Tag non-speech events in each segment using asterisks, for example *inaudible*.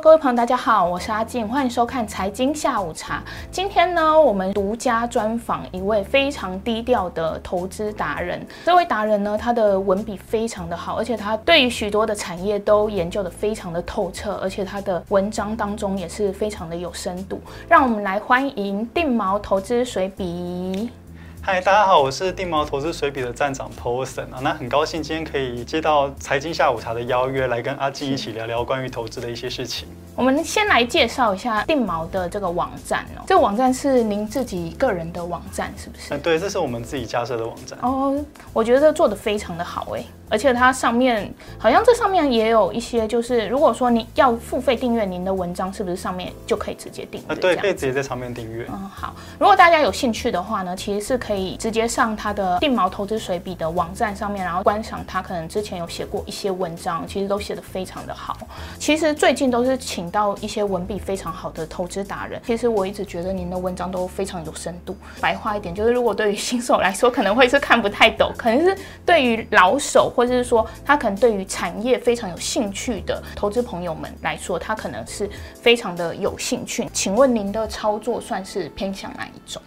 各位朋友，大家好，我是阿靜，歡迎收看《財經下午茶》。今天呢，我們獨家專訪一位非常低調的投資達人。這位達人呢，他的文筆非常的好，而且他對於許多的產業都研究得非常的透徹，而且他的文章當中也是非常的有深度。讓我們來歡迎定錨投資隨筆。嗨，大家好，我是定錨投資隨筆的站長 Paulson 啊，那很高興今天可以接到財經下午茶的邀約，來跟阿靜一起聊聊關於投資的一些事情。我們先來介紹一下定錨的這個網站哦、喔，這個網站是您自己個人的網站是不是？嗯、對，這是我們自己架設的網站。哦，我覺得這做的非常的好哎、欸，而且它上面好像這上面也有一些，就是如果說你要付費訂閱您的文章，是不是上面就可以直接訂閱？啊、對，可以直接在上面訂閱。嗯，好，如果大家有興趣的話呢，其實是可以。可以直接上他的定錨投資隨筆的網站上面，然後觀賞他可能之前有寫過一些文章，其實都寫得非常的好。其實最近都是請到一些文筆非常好的投資達人。其實我一直覺得您的文章都非常有深度。白話一點就是，如果對於新手來說可能會是看不太懂，可能是對於老手或者是說他可能對於產業非常有興趣的投資朋友們來說，他可能是非常的有興趣。請問您的操作算是偏向哪一種？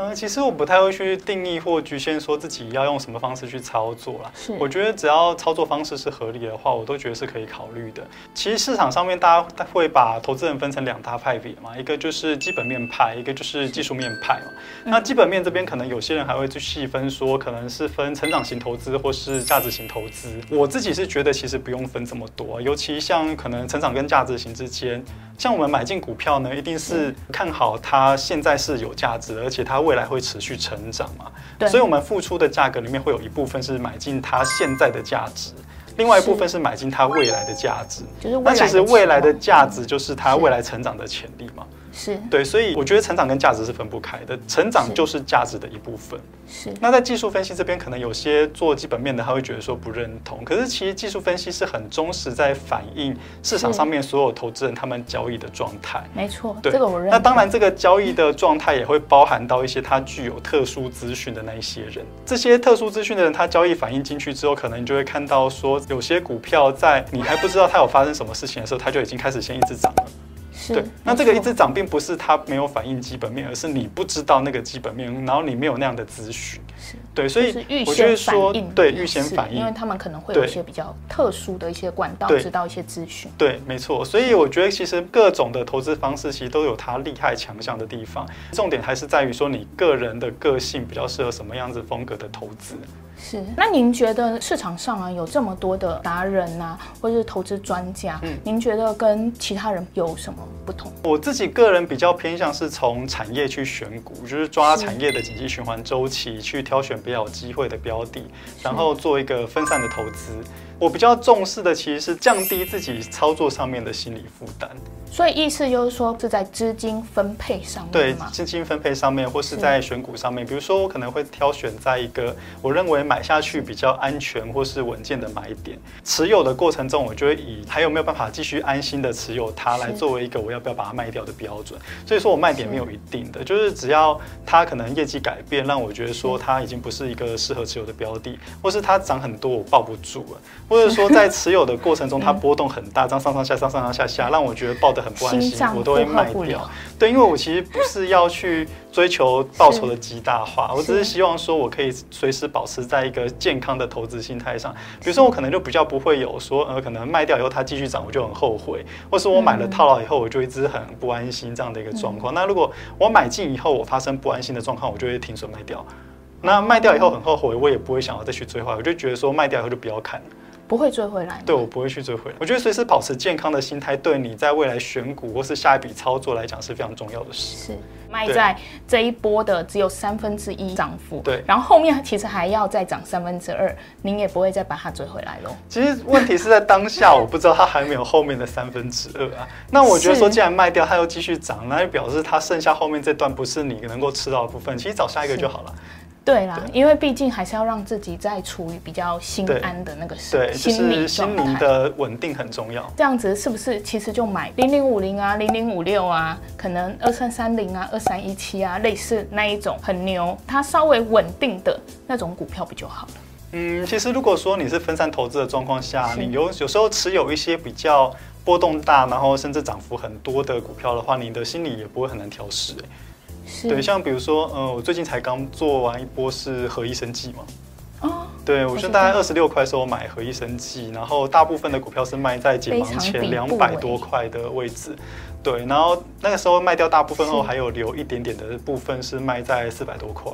嗯，其實我不太會去定義或局限說自己要用什麼方式去操作啦。是。我覺得只要操作方式是合理的話，我都覺得是可以考慮的。其實市場上面大家會把投資人分成兩大派別嘛，一個就是基本面派，一個就是技術面派嘛。那基本面這邊可能有些人還會去細分說，說可能是分成長型投資或是價值型投資。我自己是覺得其實不用分這麼多，啊，尤其像可能成長跟價值型之間。像我們買進股票呢，一定是看好它現在是有價值，而且它未來會持續成長嘛。對。所以我們付出的價格裡面會有一部分是買進它現在的價值，另外一部分是買進它未來的價值。就是、那其實未來的價值就是它未來成長的潛力嘛。是對，所以我覺得成長跟價值是分不開的，成長就是價值的一部分是。是。那在技術分析這邊，可能有些做基本面的他會覺得說不認同，可是其實技術分析是很忠實在反映市場上面所有投資人他們交易的狀態。對，沒錯，對，這個我認為。那當然，這個交易的狀態也會包含到一些他具有特殊資訊的那一些人，這些特殊資訊的人他交易反映進去之後，可能你就會看到說有些股票在你還不知道它有發生什麼事情的時候，它就已經開始先一直漲了。對，那這個一直漲並不是它沒有反映基本面，而是你不知道那個基本面，然後你沒有那樣的資訊。對，所以我覺得說，就是預先反應，對，預先反應，因為他們可能會有一些比較特殊的一些管道，知道一些資訊。對，沒錯。所以我覺得其實各種的投資方式其實都有它厲害強項的地方，重點還是在於說你個人的個性比較適合什麼樣子風格的投資。是，那您覺得市場上啊有這麼多的達人啊，或者是投資專家，嗯，您覺得跟其他人有什麼不同？我自己個人比較偏向是從產業去選股，就是抓產業的經濟循環周期去挑選比較有機會的標的，然後做一個分散的投資。我比較重視的其實是降低自己操作上面的心理負擔。所以意思就是說，是在資金分配上面，對，資金分配上面，或是在選股上面。比如說，我可能會挑選在一個我認為買下去比較安全或是穩健的買點。持有的過程中，我就會以還有沒有辦法繼續安心的持有它，來作為一個我要不要把它賣掉的標準。所以說我賣點沒有一定的，是就是只要它可能業績改變，讓我覺得說它已經不是一個適合持有的標的，或是它漲很多我抱不住了，或者說在持有的過程中它波動很大，上上下上上上下下，讓我覺得抱。很不安心，心不不我都會賣掉。對，因為我其實不是要去追求報酬的極大化，我只是希望說我可以隨時保持在一個健康的投資心態上。比如說，我可能就比較不會有說，呃，可能賣掉以後它繼續漲，我就很後悔；，或是我買了套牢以後，我就一直很不安心這樣的一個狀況。嗯、那如果我買進以後，我發生不安心的狀況，我就會停損賣掉。那賣掉以後很後悔，我也不會想要再去追回，我就覺得說賣掉以後就不要看了。不會追回來，對，我不會去追回來。我覺得隨時保持健康的心態，對你在未來選股或是下一筆操作來講是非常重要的事。是，賣在這一波的只有三分之一漲幅，對，然後後面其實還要再漲三分之二，您也不會再把它追回來咯。其實問題是在當下，我不知道它還有沒有後面的三分之二啊。 *laughs* 那我覺得說，既然賣掉它又繼續漲，那就表示它剩下後面這段不是你能夠吃到的部分。其實找下一個就好了。對啦對，因為畢竟還是要讓自己在處於比較心安的那個心理對，對，就是心理的穩定很重要。這樣子是不是其實就買零零五零啊、零零五六啊、可能二三三零啊、二三一七啊，類似那一種很牛、它稍微穩定的那種股票不就好了？嗯，其實如果說你是分散投資的狀況下，你有有時候持有一些比較波動大，然後甚至漲幅很多的股票的話，你的心理也不會很難調適哎。對，像比如說，嗯、呃，我最近才剛做完一波是合一生技嘛，哦、對，我就大概二十六塊的時候買合一生技，然後大部分的股票是賣在解盲前兩百多塊的位置，對，然後那個時候賣掉大部分後，還有留一點點的部分是賣在四百多塊。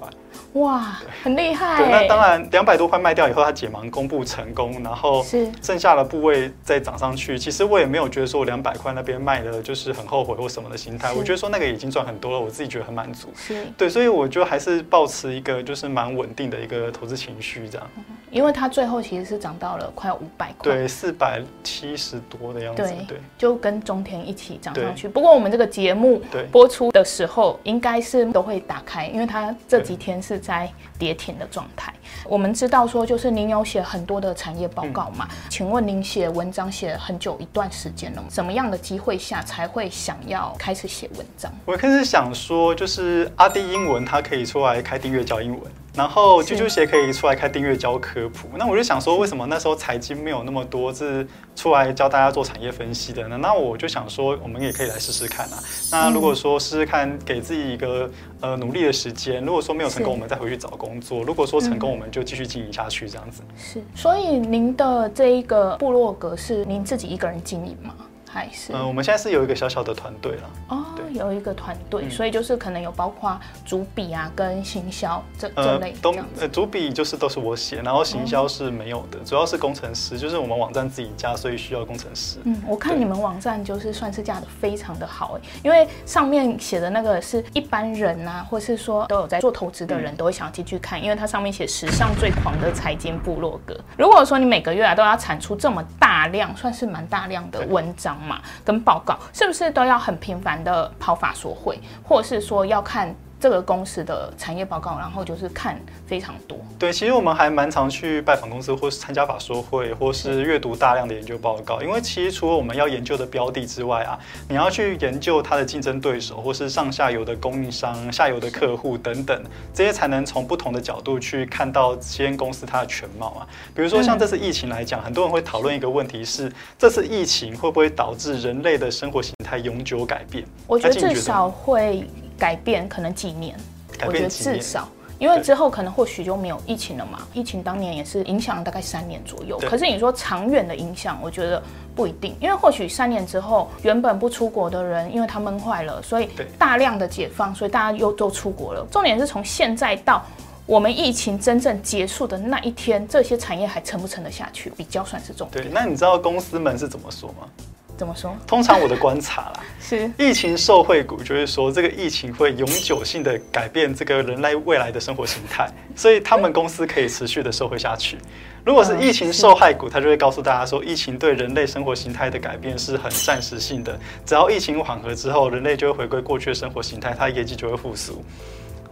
哇，很厲害！對，那當然，兩百多塊賣掉以後，他解盲公布成功，然後是剩下的部位再漲上去。其實我也沒有覺得說我兩百塊那邊賣的，就是很後悔或什麼的心態。我覺得說那個已經賺很多了，我自己覺得很滿足。是，對，所以我就還是保持一個就是蠻穩定的一個投資情緒這樣。嗯，因為它最後其實是漲到了快五百塊，對，四百七十多的樣子，對，對。對，就跟中天一起漲上去。不過我們這個節目播出的時候，應該是都會打開，因為他這幾天是，在跌停的狀態，我們知道說就是您有寫很多的產業報告嘛。嗯、請問您寫文章寫很久一段時間了，什麼樣的機會下才會想要開始寫文章？我開始想說就是阿滴英文他可以出來開訂閱教英文，然後啾啾鞋可以出來開訂閱教科普，啊。那我就想說為什麼那時候財經沒有那麼多是出來教大家做產業分析的呢？那我就想說我們也可以來試試看啊。那如果說試試看，給自己一個呃努力的時間。如果說沒有成功，我們再回去找工作。工作，如果說成功，嗯、我們就繼續經營下去，這樣子。是，所以您的這一個部落格是您自己一個人經營嗎？Hi, 是嗯、呃，我們現在是有一個小小的團隊了哦，有一個團隊、嗯，所以就是可能有包括主筆啊跟行銷這這類這呃,都呃，主筆就是都是我寫，然後行銷是沒有的、嗯，主要是工程師，就是我們網站自己架，所以需要工程師。嗯，我看你們網站就是算是架的非常的好哎、欸，因為上面寫的那個是一般人啊，或是說都有在做投資的人、嗯、都會想進去看，因為它上面寫史上最狂的財經部落格。如果說你每個月啊都要產出這麼大量，算是蠻大量的文章。跟報告是不是都要很頻繁的跑法索會，或者是說要看？這個公司的產業報告，然後就是看非常多。對，其實我們還蠻常去拜訪公司，或是參加法說會，或是閱讀大量的研究報告。因為其實除了我們要研究的標的之外啊，你要去研究它的競爭對手，或是上下游的供應商、下游的客戶等等，這些才能從不同的角度去看到先公司它的全貌啊。比如說像這次疫情來講，嗯，很多人會討論一個問題是：這次疫情會不會導致人類的生活形態永久改變？我覺得至少會。嗯改變可能幾年，改變幾年，我覺得至少，因為之後可能或許就沒有疫情了嘛。疫情當年也是影響了大概三年左右，可是你說長遠的影響，我覺得不一定，因為或許三年之後，原本不出國的人，因為他悶壞了，所以大量的解放，所以大家又都出國了。重點是從現在到我們疫情真正結束的那一天，這些產業還撐不撐得下去，比較算是重點。對，那你知道公司們是怎麼說嗎？怎麼說？通常我的觀察啦，啊、是疫情受惠股就是說，這個疫情會永久性的改變這個人類未來的生活形態，所以他們公司可以持續的受惠下去。如果是疫情受害股，他、哎、就會告訴大家說，疫情對人類生活形態的改變是很暫時性的，只要疫情緩和之後，人類就會回歸過去的生活形態，它業績就會復甦。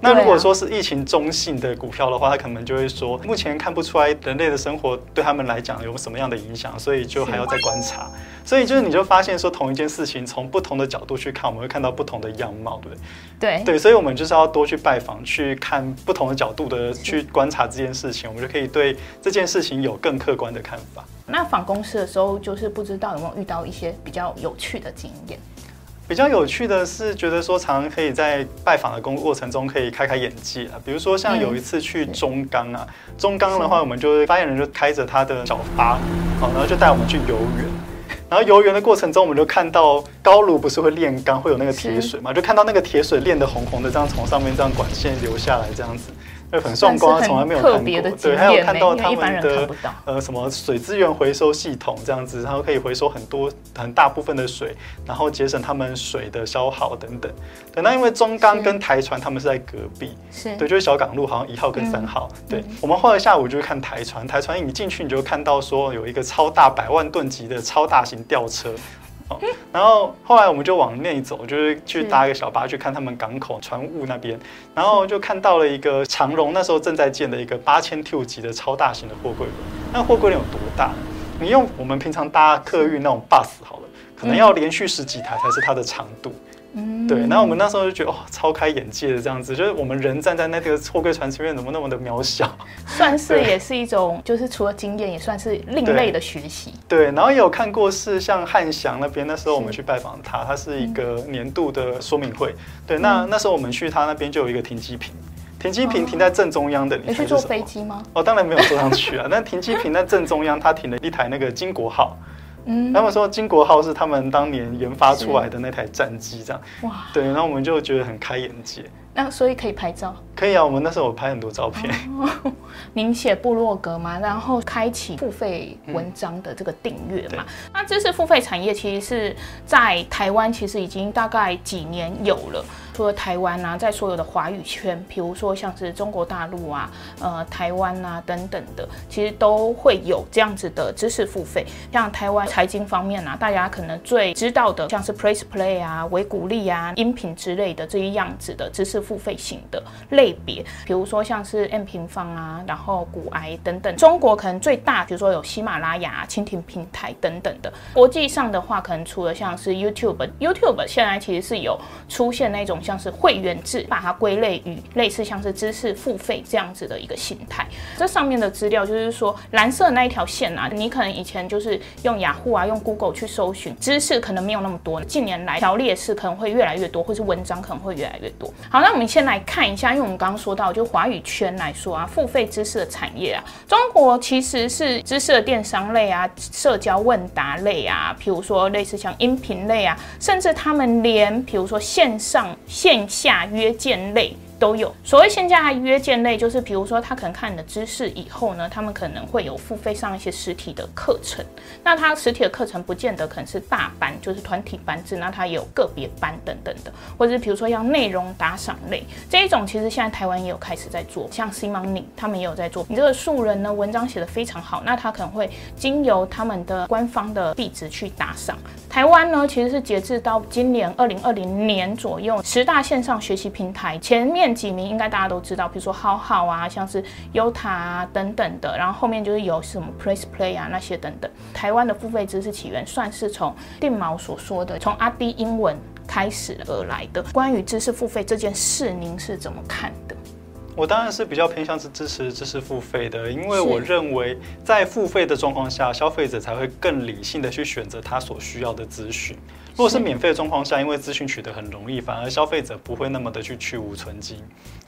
那如果說是疫情中性的股票的話，它可能就會說，目前看不出來人類的生活對他們來講有什麼樣的影響，所以就還要再觀察。所以就是，你就發現說，同一件事情從不同的角度去看，我們會看到不同的樣貌，對不對？對，對所以我們就是要多去拜訪，去看不同的角度的去觀察這件事情，嗯，我們就可以對這件事情有更客觀的看法。那訪公司的時候，就是不知道有沒有遇到一些比較有趣的經驗？比較有趣的是，覺得說常常可以在拜訪的過過程中可以開開眼界啊。比如說像有一次去中鋼啊，嗯、中鋼的話，我們就是，嗯、發言人就開着他的小巴，好，然後就帶我們去遊園。然後遊園的過程中，我們就看到高爐不是會煉鋼，會有那個鐵水嘛？就看到那個鐵水煉得紅紅的，這樣從上面這樣管線流下來，這樣子。很壯觀，從來沒有看過。對，還有看到他們的呃什麼水資源回收系統這樣子，然後可以回收很多很大部分的水，然後節省他們水的消耗等等。對，嗯、對，那因為中鋼跟台船他們是在隔壁是，對，就是小港路好像一號跟三號。嗯、對、嗯，我們後來下午就會看台船，台船一進去你就看到說有一個超大百萬噸級的超大型吊車。然後後來我們就往內走，就是去搭一個小巴去看他們港口船塢那邊，然後就看到了一個長榮那時候正在建的一個八千 TEU 級的超大型的貨櫃輪。那貨櫃輪有多大？你用我們平常搭客運那種 bus 好了，可能要連續十幾台才是它的長度。嗯嗯，對，然後我們那時候就覺得，哦，超開眼界的這樣子，就是我們人站在那個貨櫃船前面，怎麼那麼的渺小？算是也是一種，就是除了經驗，也算是另類的學習。對，對，然後也有看過，是像漢翔那邊，那時候我們去拜訪他，是他是一個年度的說明會。嗯、對，那那時候我們去他那邊就有一個停機坪，停機坪停在正中央的。哦、你去坐飛機嗎？哦，當然沒有坐上去啊。那 *laughs* 停機坪那正中央，他停了一台那個經國號。嗯、他們說“經國號”是他們當年研發出來的那台戰機，這樣。哇，對，然後我們就覺得很開眼界。那所以可以拍照？可以啊，我們那時候有拍很多照片。哦、您寫部落格嘛，然後開啟付費文章的這個訂閱嘛。那知識付費產業其實是在台灣，其實已經大概幾年有了。除了台灣啊，在所有的華語圈，比如說像是中國大陸啊、呃台灣啊等等的，其實都會有這樣子的知識付費。像台灣財經方面啊，大家可能最知道的，像是 PressPlay 啊、微股力啊、音頻之類的這一樣子的知識付費型的類別。比如說像是 M 平方啊，然後股癌等等。中國可能最大，比如說有喜馬拉雅、蜻蜓平台等等的。國際上的話，可能除了像是 YouTube，YouTube 現在其實是有出現那種。像是會員制，把它歸類於類似像是知識付費這樣子的一個形態。這上面的資料就是說，藍色那一條線啊，你可能以前就是用雅虎啊，用 Google 去搜尋知識，可能沒有那麼多。近年來條列式可能會越來越多，或是文章可能會越來越多。好，那我們先來看一下，因為我們剛剛說到，就華語圈來說啊，付費知識的產業啊，中國其實是知識的電商類啊、社交問答類啊，比如說類似像音頻類啊，甚至他們連比如說線上。線下約見類都有，所謂線下約見類，就是比如說他可能看你的知識以後呢，他們可能會有付費上一些實體的課程。那他實體的課程不見得可能是大班，就是團體班制，那他有個別班等等的，或者是比如說要內容打賞類，這一種，其實現在台灣也有開始在做，像 CMoney 他們也有在做。你這個素人呢，文章寫得非常好，那他可能會經由他們的官方的壁紙去打賞。台灣呢，其實是截至到今年二零二零年左右，十大線上學習平台前面幾名應該大家都知道，比如說 HowHow 啊，像是 Yotta 啊、等等的，然後後面就是有什麼 PressPlay 啊那些等等。台灣的付費知識起源算是從定錨所說的從阿滴英文開始而來的。關於知識付費這件事，您是怎麼看的？我當然是比較偏向是支持知識付費的，因為我認為在付費的狀況下，消費者才會更理性的去選擇他所需要的資訊。如果是免費的狀況下，因為資訊取得很容易，反而消費者不會那麼的去去蕪存菁。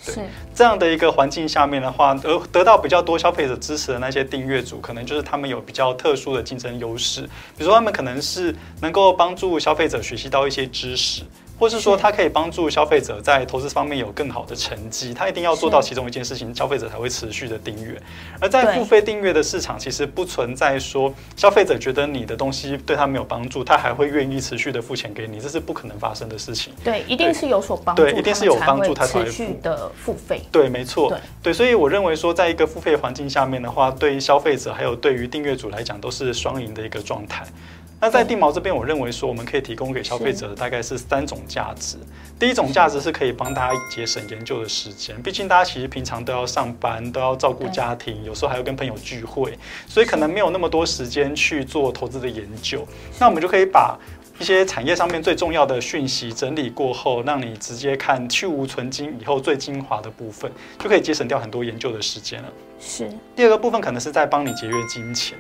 對，這樣的一個環境下面的話，得得到比較多消費者支持的那些訂閱組，可能就是他們有比較特殊的競爭優勢，比如說他們可能是能夠幫助消費者學習到一些知識。或是說，它可以幫助消費者在投資方面有更好的成績。它一定要做到其中一件事情，消費者才會持續的訂閱。而在付費訂閱的市場，其實不存在說消費者覺得你的東西對他沒有幫助，他還會願意持續的付錢給你，這是不可能發生的事情。對，一定是有所幫助。對，一定是有幫助，他才會持續的付費。對，沒錯。對，所以我認為說，在一個付費環境下面的話，對於消費者還有對於訂閱主來講，都是雙贏的一個狀態。那在定錨這邊，我認為說我們可以提供給消費者的大概是三種價值。第一種價值是可以幫大家節省研究的時間，畢竟大家其實平常都要上班，都要照顧家庭，有時候還要跟朋友聚會，所以可能沒有那麼多時間去做投資的研究。那我們就可以把一些產業上面最重要的訊息整理過後，讓你直接看去蕪存菁以後最精華的部分，就可以節省掉很多研究的時間了。是。第二個部分可能是在幫你節約金錢。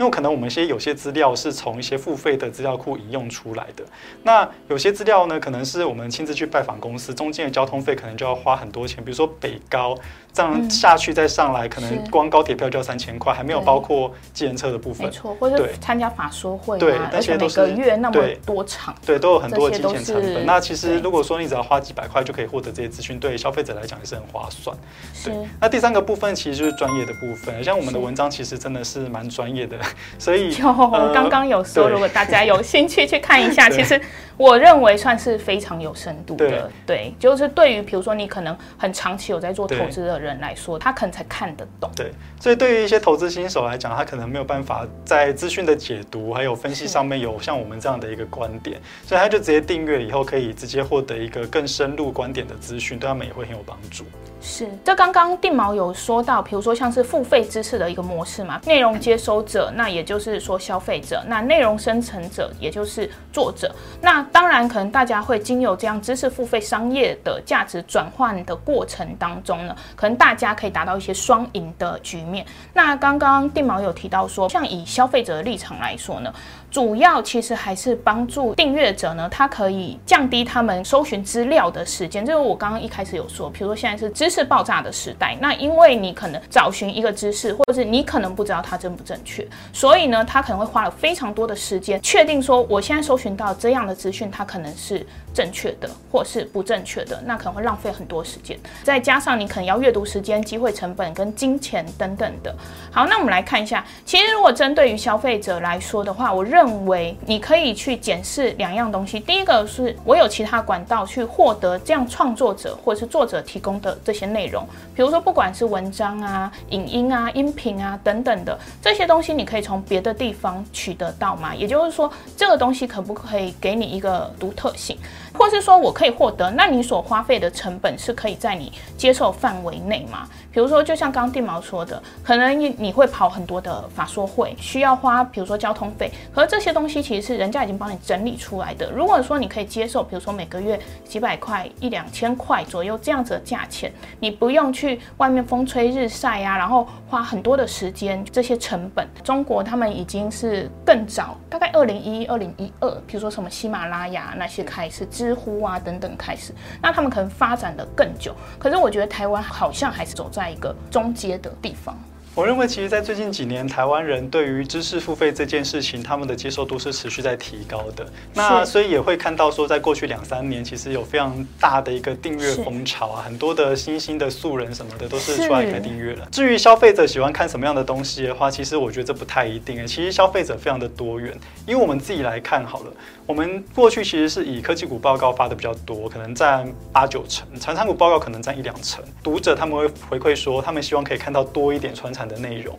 因為可能我們一些有些資料是從一些付費的資料庫引用出來的，那有些資料呢，可能是我們親自去拜訪公司，中間的交通費可能就要花很多錢，比如說北高這樣、嗯、下去再上來，可能光高鐵票就要三千塊，還沒有包括計程車的部分，沒錯，或者參加法說會、啊、對，那啊，都是一個月那麼多場，對，對，都有很多的金錢成本。那其實如果說你只要花幾百塊就可以獲得這些資訊，對消費者來講也是很划算。對，那第三個部分其實就是專業的部分，像我們的文章其實真的是蠻專業的。所以，就剛剛有說、呃，如果大家有興趣去看一下，其實我認為算是非常有深度的。對，對就是對於比如說你可能很長期有在做投資的人來說，他可能才看得懂。對，所以對於一些投資新手來講，他可能沒有辦法在資訊的解讀還有分析上面有像我們這樣的一個觀點，所以他就直接訂閱以後，可以直接獲得一個更深入觀點的資訊，對他們也會很有幫助。是，這剛剛定錨有說到，比如說像是付費知識的一個模式嘛，內容接收者，那也就是說消費者，那內容生成者也就是作者，那當然可能大家會經由這樣知識付費商業的價值轉換的過程當中呢，可能大家可以達到一些雙贏的局面。那剛剛定錨有提到說，像以消費者的立場來說呢。主要其實還是幫助訂閱者呢，他可以降低他們搜尋資料的時間。就是我剛剛一開始有說，比如說現在是知識爆炸的時代，那因為你可能找尋一個知識，或者是你可能不知道它正不正確，所以呢，他可能會花了非常多的時間，確定說我現在搜尋到這樣的資訊，它可能是。正確的，或是不正確的，那可能會浪費很多時間，再加上你可能要閱讀時間、機會成本跟金錢等等的。好，那我們來看一下，其實如果針對於消費者來說的話，我認為你可以去檢視兩樣東西。第一個是我有其他管道去獲得這樣創作者或者是作者提供的這些內容，比如說不管是文章啊、影音啊、音頻啊等等的這些東西，你可以從別的地方取得到嗎？也就是說，這個東西可不可以給你一個獨特性？或是說，我可以獲得，那你所花費的成本是可以在你接受範圍內嗎？比如說，就像剛剛地毛說的，可能你你會跑很多的法說會，需要花，比如說交通費和這些東西，其實是人家已經幫你整理出來的。如果說你可以接受，比如說每個月幾百塊、一兩千塊左右這樣子的價錢，你不用去外面風吹日曬呀、啊，然後花很多的時間這些成本。中國他們已經是更早，大概二零一一、二零一二，比如說什麼喜馬拉雅那些開始。知乎啊，等等開始，那他們可能發展的更久，可是我覺得台灣好像還是走在一個中階的地方。我認為，其實，在最近幾年，台灣人對於知識付費這件事情，他們的接受度是持續在提高的。那所以也會看到說，在過去兩三年，其實有非常大的一個訂閱風潮啊，很多的新興的素人什麼的，都是出來開訂閱了。至於消費者喜歡看什麼樣的東西的話，其實我覺得這不太一定欸。其實消費者非常的多元，因為我們自己來看好了，我們過去其實是以科技股報告發的比較多，可能占八九成，傳產股報告可能占一兩成。讀者他們會回饋說，他們希望可以看到多一點傳產的內容，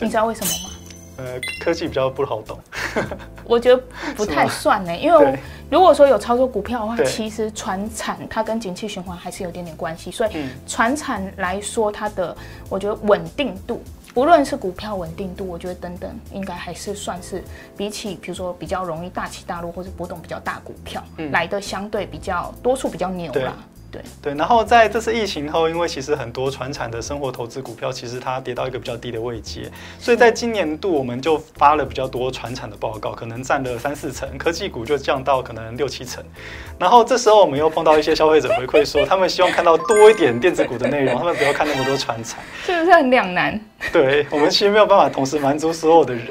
你知道為什麼嗎？呃，科技比較不好懂， *laughs* *laughs* 我覺得不太算呢。因為如果說有操作股票的話，其實傳產它跟景氣循環還是有點點關係，所以傳產來說，它的我覺得穩定度，嗯、不論是股票穩定度，我覺得等等，應該還是算是比起比如說比較容易大起大落或者波動比較大股票，嗯、來得相對比較多數比較牛啦。對對，然後在這次疫情後，因為其實很多傳產的生活投資股票，其實它跌到一個比較低的位階，所以在今年度我們就發了比較多傳產的報告，可能佔了三四成，科技股就降到可能六七成。然後這時候我們又碰到一些消費者回饋說，他們希望看到多一點電子股的內容，他們不要看那麼多傳產，是不是很兩難？對，我們其實沒有辦法同時滿足所有的人。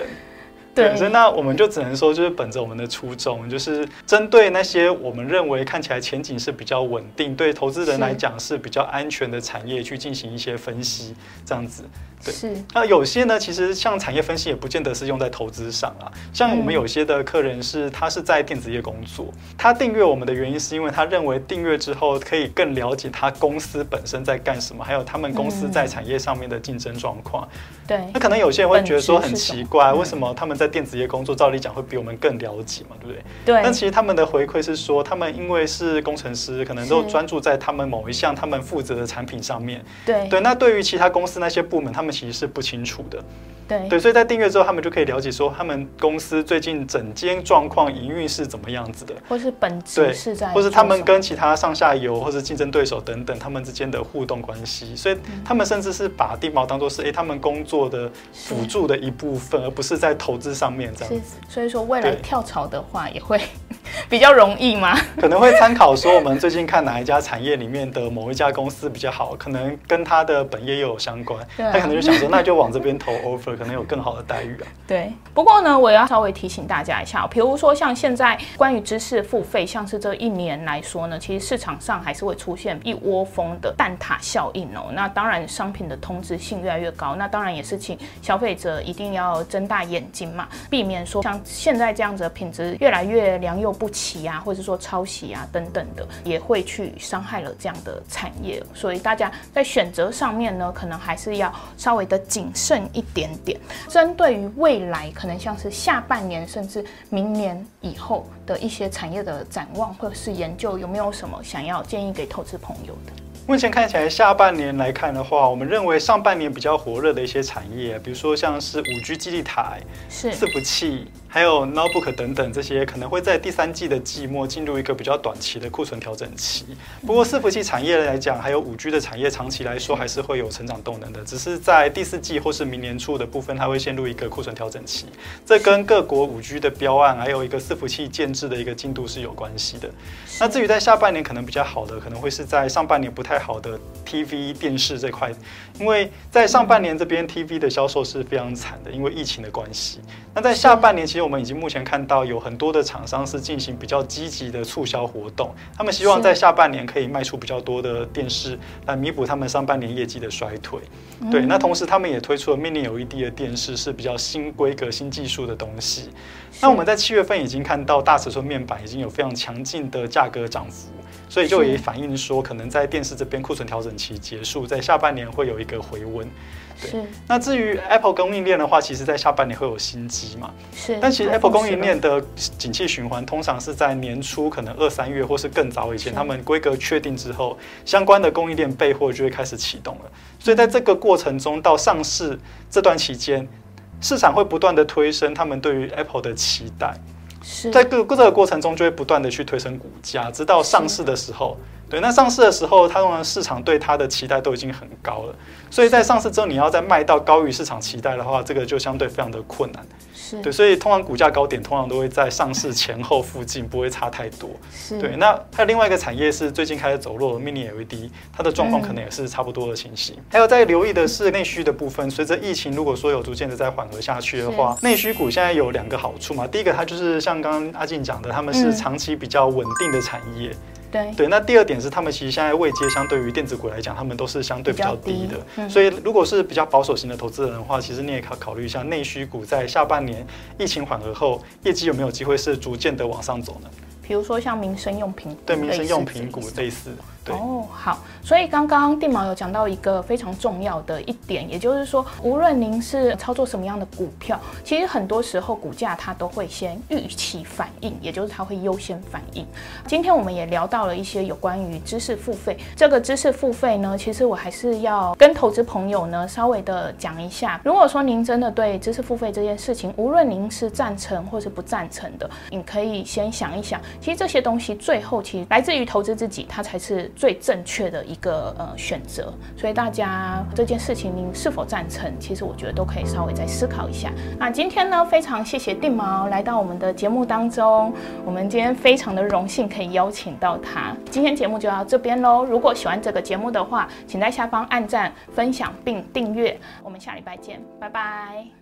所以那我們就只能說，就是本着我們的初衷，就是針對那些我們認為看起來前景是比較穩定，對投資人來講是比較安全的產業，去進行一些分析，這樣子。對。是。那有些呢，其實像產業分析也不見得是用在投資上啊。像我們有些的客人是，他是在電子業工作，他訂閱我們的原因是因為他認為訂閱之後可以更了解他公司本身在幹什麼，還有他們公司在產業上面的競爭狀況。對。那可能有些人會覺得說很奇怪，為什麼他們在電子業工作，照理講會比我們更了解嘛，對不對？對。但其實他們的回饋是說，他們因為是工程師，可能都專注在他們某一項他們負責的產品上面。對。對。那對於其他公司那些部門，他們其實是不清楚的。對。所以，在訂閱之後，他們就可以了解說他們公司最近整間狀況、營運是怎麼樣子的，或是本質是在，或是他們跟其他上下游或是競爭對手等等他們之間的互動關係。所以，他們甚至是把定錨當做是誒，他們工作的輔助的一部分，而不是在投資上面這樣。是，所以說，未來跳槽的話，也會。比較容易嗎？可能會參考說，我們最近看哪一家產業裡面的某一家公司比較好，可能跟他的本業又有相關，啊，他可能就想說，那就往這邊投 offer， *laughs* 可能有更好的待遇啊。對。不過呢，我也要稍微提醒大家一下，比如說像現在關於知識付費，像是這一年來說呢，其實市場上還是會出現一窩蜂的蛋塔效應哦。那當然，商品的通知性越來越高，那當然也是請消費者一定要睜大眼睛嘛，避免說像現在這樣子的品質越來越良莠不齊啊，或者說抄襲啊等等的，也會去傷害了這樣的產業。所以大家在選擇上面呢，可能還是要稍微的謹慎一點點。針對於未來，可能像是下半年甚至明年以後的一些產業的展望，或者是研究，有沒有什麼想要建議給投資朋友的？目前看起來，下半年來看的話，我們認為上半年比較火熱的一些產業，比如說像是五 G 基地台、是伺服器。還有 notebook 等等這些可能會在第三季的季末進入一個比較短期的庫存調整期。不過，伺服器產業來講，還有 5G 的產業，長期來說還是會有成長動能的。只是在第四季或是明年初的部分，它會陷入一個庫存調整期。這跟各國 5G 的標案，還有一個伺服器建置的一個進度是有關係的。那至於在下半年可能比較好的，可能會是在上半年不太好的 TV 電視這塊，因為在上半年這邊 TV 的銷售是非常慘的，因為疫情的關係。那在下半年其實因為我們已經目前看到有很多的廠商是進行比較積極的促銷活動，他們希望在下半年可以賣出比較多的電視，來彌補他們上半年業績的衰退。嗯、對，那同時他們也推出了 Mini LED 的電視是比較新規格、新技術的東西。那我們在七月份已經看到大尺寸面板已經有非常強勁的價格漲幅，所以就也反映說，可能在電視這邊庫存調整期結束，在下半年會有一個回溫。對，那至於 Apple 供應鏈的話，其實在下半年會有新機嘛。是。但其實 Apple 供應鏈的景氣循環，通常是在年初，可能二三月或是更早以前，他們規格確定之後，相關的供應鏈備貨就會開始啟動了。所以在這個過程中，到上市這段期間，市場會不斷的推升他們對於 Apple 的期待。在各這個過程中，就會不斷的去推升股價，直到上市的時候。對，那上市的時候，它通常市場對它的期待都已經很高了，所以在上市之後，你要再賣到高於市場期待的話，這個就相對非常的困難。對，所以通常股價高點通常都會在上市前後附近，不會差太多。對，那還有另外一個產業是最近開始走弱，mini LED，它的狀況可能也是差不多的情形，嗯。還有在留意的是內需的部分，隨着疫情如果說有逐漸的在緩和下去的話，內需股現在有兩個好處嘛，第一個它就是像剛剛阿靜講的，他們是長期比較穩定的產業。嗯對，對，那第二點是，他們其實現在位階，相對於電子股來講，他們都是相對比較低的。低，嗯。所以，如果是比較保守型的投資人的話，其實你也考考慮一下，內需股在下半年疫情緩和後，業績有沒有機會是逐漸的往上走呢？比如說像民生用品，對，民生用品股類似。哦，oh, 好，所以剛剛定錨有講到一個非常重要的一點，也就是說，無論您是操作什麼樣的股票，其實很多時候股價它都會先預期反應，也就是它會優先反應。今天我們也聊到了一些有關於知識付費，這個知識付費呢，其實我還是要跟投資朋友呢稍微的講一下。如果說您真的對知識付費這件事情，無論您是贊成或是不贊成的，你可以先想一想，其實這些東西最後其實來自於投資自己，它才是。最正確的一個呃選擇，所以大家這件事情您是否贊成？其實我覺得都可以稍微再思考一下。那今天呢，非常謝謝定錨來到我們的節目當中，我們今天非常的榮幸可以邀請到他。今天節目就到這邊嘍，如果喜歡這個節目的話，請在下方按讚、分享並訂閱。我們下禮拜見，拜拜。